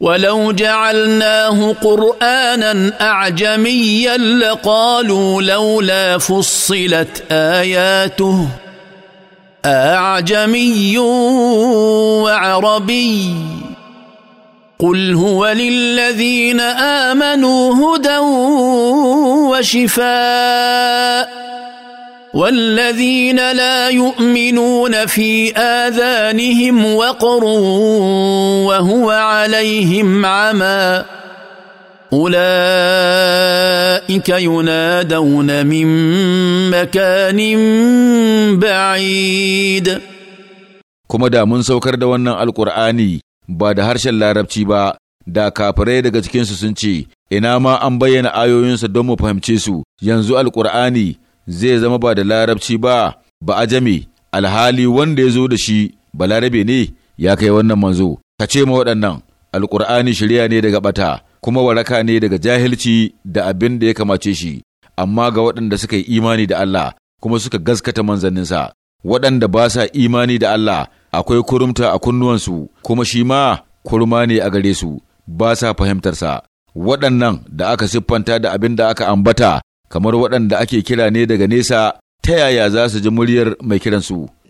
ولو جعلناه قرانا اعجميا لقالوا لولا فصلت اياته اعجمي وعربي قل هو للذين امنوا هدى وشفاء والذين لا يؤمنون في اذانهم وقر وهو عليهم عمى اولئك ينادون من مكان بعيد kuma da mun saukar da wannan alkur'ani ba da harshen larabci ba da kafirai daga cikinsu sun ce ina ma an bayyana ayoyinsa don mu fahimce su yanzu alkur'ani zai zama ba da larabci ba ba a ajami alhali wanda ya zo da shi ba larabe ne ya kai wannan manzo ka ce ma waɗannan alƙur'ani shirya ne daga ɓata kuma waraka ne daga jahilci da abin da ya kamace shi amma ga waɗanda suka yi imani da Allah kuma suka gaskata manzanninsa waɗanda ba sa imani da Allah akwai kurumta a kunnuwansu kuma shi ma kurma ne a gare su ba sa fahimtarsa waɗannan da aka siffanta da abin da aka ambata kamar waɗanda ake kira ne daga nesa ta yaya za su ji muryar mai kiransu